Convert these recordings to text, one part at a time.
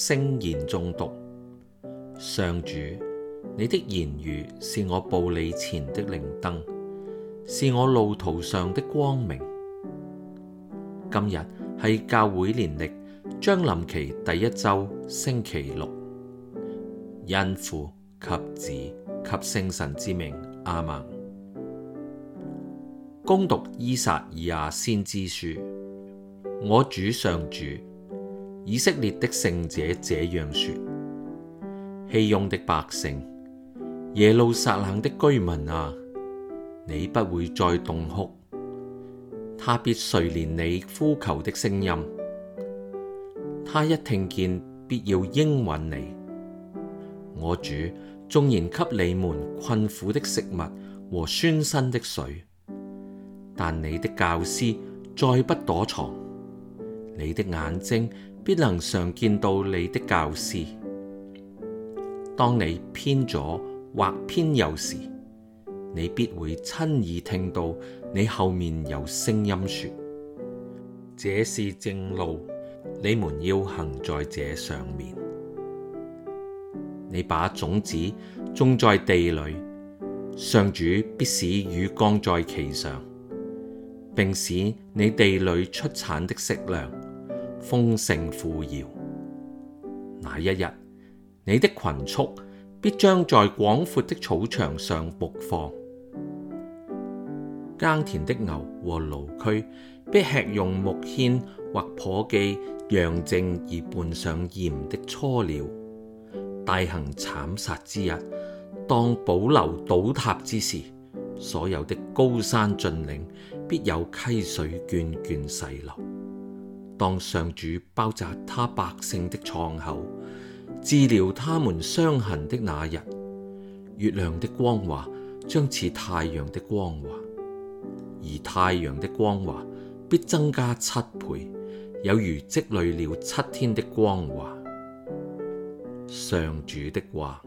聖言誦讀，上主，你的言語是我步履前的靈燈，是我路途上的光明。今日係教會年曆將臨期第一周星期六，因父及子及聖神之名阿門。恭讀依撒意亞先知書，我主上主。以色列的聖者這樣說：熙雍的百姓，耶路撒冷的居民啊，你不會再慟哭，他必垂憐你呼求的聲音，他一聽見必要應允你。我主縱然給你們困苦的食物和酸辛的水，但你的教師再不躲藏，你的眼睛。必能常見到你的教師。當你偏左或偏右時，你必會親耳聽到你後面有聲音說：這是正路，你們要行在這上面。你把種子種在地裏，上主必使雨降在其上，並使你地裏出產的食糧。豐盛富饒，那一日，你的群畜必將在廣闊的草場上牧放。耕田的牛和驢駒必吃用木杴或簸箕揚淨而拌上鹽的芻料。大行慘殺之日，當堡樓倒塌之時，所有的高山峻嶺必有溪水涓涓細流。當上主包紮他百姓的創口、治療他們傷痕的那日，月亮的光華將似太陽的光華，而太陽的光華必增加七倍，有如積累了七天的光華。上主的話。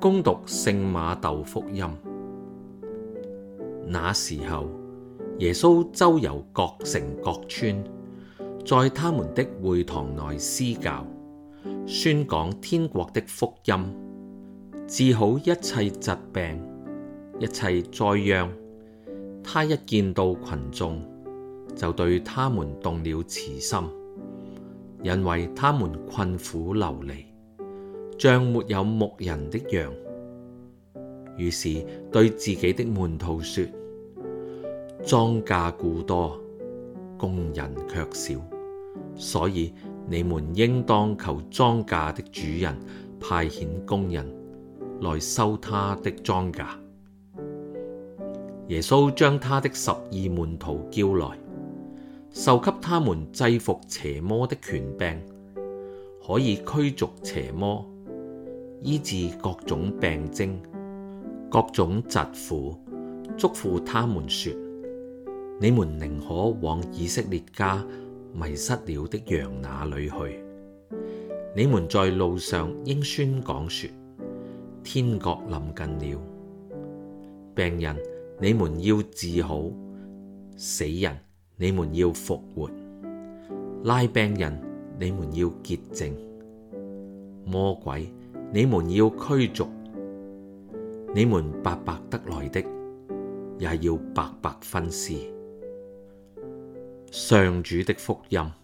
恭讀聖瑪竇福音。那時候，耶穌周遊各城各村，在他們的會堂內施教，宣講天國的福音，治好一切疾病、一切災殃。他一見到群眾，就對他們動了慈心，因為他們困苦流離，像沒有牧人的羊。於是對自己的門徒說：莊稼固多，工人卻少，所以你們應當求莊稼的主人派遣工人，來收他的莊稼。耶穌將他的十二門徒叫來，授給他們制伏邪魔的權柄，可以驅逐邪魔，醫治各種病症。各種疾苦，囑咐他們說：你們寧可往以色列家迷失了的羊那裏去。你們在路上應宣講說：天國臨近了。病人，你們要治好；死人，你們要復活；癩病人，你們要潔淨；魔鬼，你們要驅逐。你們白白得來的，也要白白分施。上主的福音。